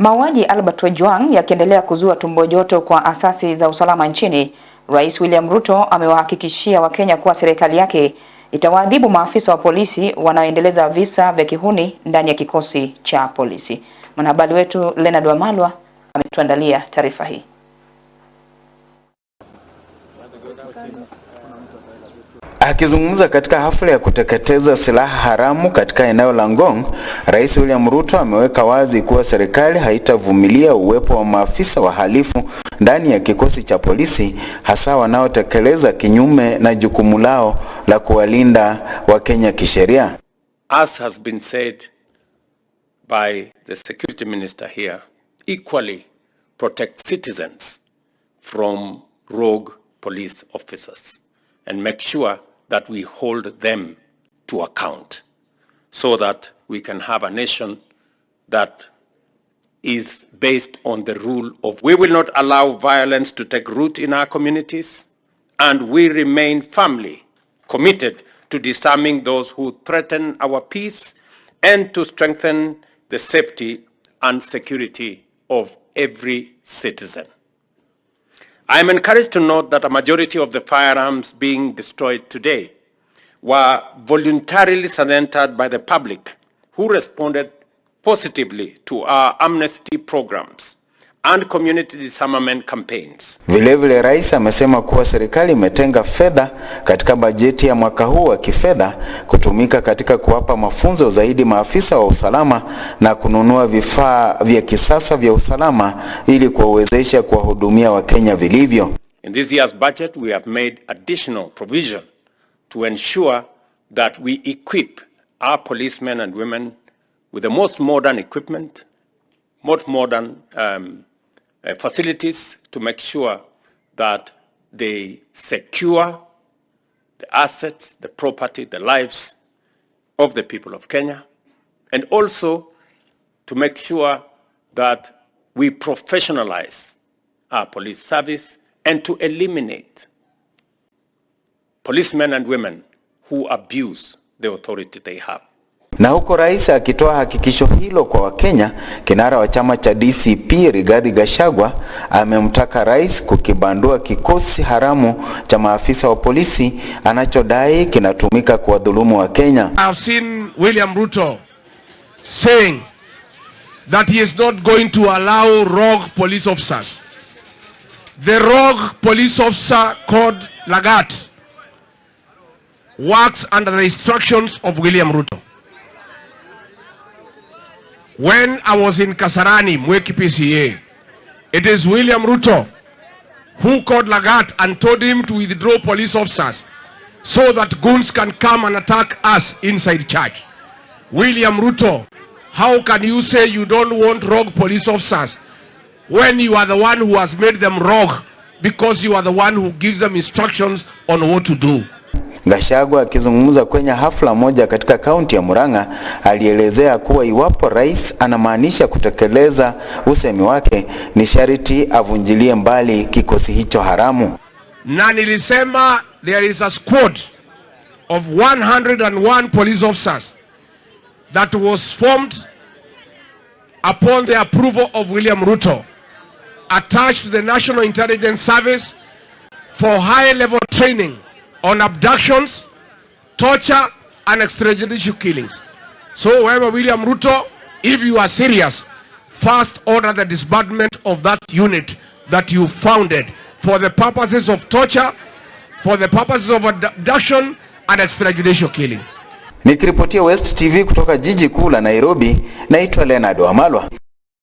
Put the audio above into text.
Mauaji Albert Ojwang yakiendelea kuzua tumbo joto kwa asasi za usalama nchini, Rais William Ruto amewahakikishia Wakenya kuwa serikali yake itawaadhibu maafisa wa polisi wanaoendeleza visa vya kihuni ndani ya kikosi cha polisi. Mwanahabari wetu Leonard Wamalwa ametuandalia taarifa hii. Akizungumza katika hafla ya kuteketeza silaha haramu katika eneo la Ngong, Rais William Ruto ameweka wazi kuwa serikali haitavumilia uwepo wa maafisa wahalifu ndani ya kikosi cha polisi, hasa wanaotekeleza kinyume na jukumu lao la kuwalinda Wakenya kisheria. As has been said by the security minister here, equally protect citizens from rogue police officers and make sure that we hold them to account so that we can have a nation that is based on the rule of we will not allow violence to take root in our communities and we remain firmly committed to disarming those who threaten our peace and to strengthen the safety and security of every citizen. I am encouraged to note that a majority of the firearms being destroyed today were voluntarily surrendered by the public who responded positively to our amnesty programs and community disarmament campaigns. Vilevile rais amesema kuwa serikali imetenga fedha katika bajeti ya mwaka huu wa kifedha kutumika katika kuwapa mafunzo zaidi maafisa wa usalama na kununua vifaa vya kisasa vya usalama ili kuwawezesha kuwahudumia Wakenya vilivyo. In this year's budget we have made additional provision to ensure that we equip our policemen and women with the most modern equipment, most modern um, uh, facilities to make sure that they secure the assets, the property, the lives of the people of Kenya, and also to make sure that we professionalize our police service and to eliminate policemen and women who abuse the authority they have. Na huko rais akitoa hakikisho hilo kwa Wakenya, kinara wa chama cha DCP Rigathi Gachagua amemtaka rais kukibandua kikosi haramu cha maafisa wa polisi anachodai kinatumika kuwadhulumu Wakenya. I've seen William Ruto saying that he is not going to allow rogue police officers. The rogue police officer called Lagat works under the instructions of William Ruto. When I was in Kasarani, Mweki PCA, it is William Ruto who called Lagat and told him to withdraw police officers so that goons can come and attack us inside church. William Ruto, how can you say you don't want rogue police officers when you are the one who has made them rogue because you are the one who gives them instructions on what to do? Gashagwa akizungumza kwenye hafla moja katika kaunti ya Murang'a alielezea kuwa iwapo rais anamaanisha kutekeleza usemi wake ni sharti avunjilie mbali kikosi hicho haramu. Na nilisema there is a squad of 101 police officers that was formed upon the approval of William Ruto attached to the National Intelligence Service for high level training on abductions, torture and extrajudicial killings. So wherever William Ruto, if you are serious, first order the disbandment of that unit that you founded for the purposes of torture, for the purposes of abduction and extrajudicial killing. Nikiripotia West TV kutoka jiji kuu la Nairobi, naitwa Leonard Wamalwa.